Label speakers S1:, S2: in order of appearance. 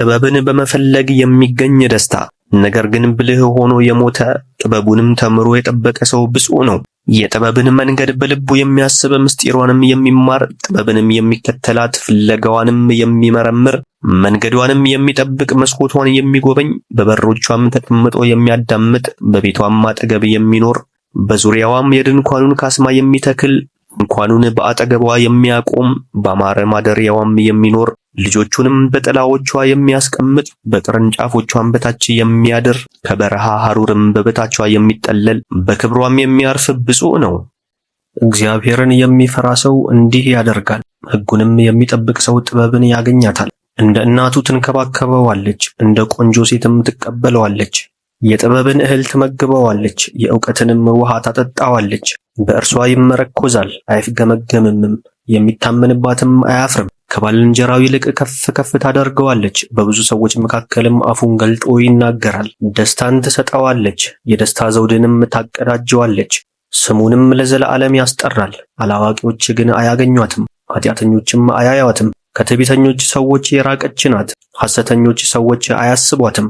S1: ጥበብን በመፈለግ የሚገኝ ደስታ። ነገር ግን ብልህ ሆኖ የሞተ ጥበቡንም ተምሮ የጠበቀ ሰው ብፁዕ ነው። የጥበብን መንገድ በልቡ የሚያስብ ምስጢሯንም የሚማር ጥበብንም የሚከተላት ፍለጋዋንም የሚመረምር መንገዷንም የሚጠብቅ መስኮቷን የሚጎበኝ በበሮቿም ተቀምጦ የሚያዳምጥ በቤቷም አጠገብ የሚኖር በዙሪያዋም የድንኳኑን ካስማ የሚተክል ድንኳኑን በአጠገቧ የሚያቆም በአማረ ማደሪያዋም የሚኖር ልጆቹንም በጥላዎቿ የሚያስቀምጥ በቅርንጫፎቿን በታች የሚያድር ከበረሃ ሐሩርም በበታቿ የሚጠለል በክብሯም የሚያርፍ ብፁዕ ነው።
S2: እግዚአብሔርን የሚፈራ ሰው እንዲህ ያደርጋል። ሕጉንም የሚጠብቅ ሰው ጥበብን ያገኛታል። እንደ እናቱ ትንከባከበዋለች፣ እንደ ቆንጆ ሴትም ትቀበለዋለች። የጥበብን እህል ትመግበዋለች፣ የእውቀትንም ውሃ ታጠጣዋለች። በእርሷ ይመረኮዛል፣ አይፍገመገምምም! የሚታመንባትም አያፍርም። ከባልንጀራው ይልቅ ከፍ ከፍ ታደርገዋለች። በብዙ ሰዎች መካከልም አፉን ገልጦ ይናገራል። ደስታን ትሰጠዋለች፣ የደስታ ዘውድንም ታቀዳጀዋለች። ስሙንም ለዘላለም ያስጠራል። አላዋቂዎች ግን አያገኟትም፣ ኃጢአተኞችም አያያዋትም። ከትዕቢተኞች ሰዎች የራቀች ናት፣ ሐሰተኞች ሰዎች አያስቧትም።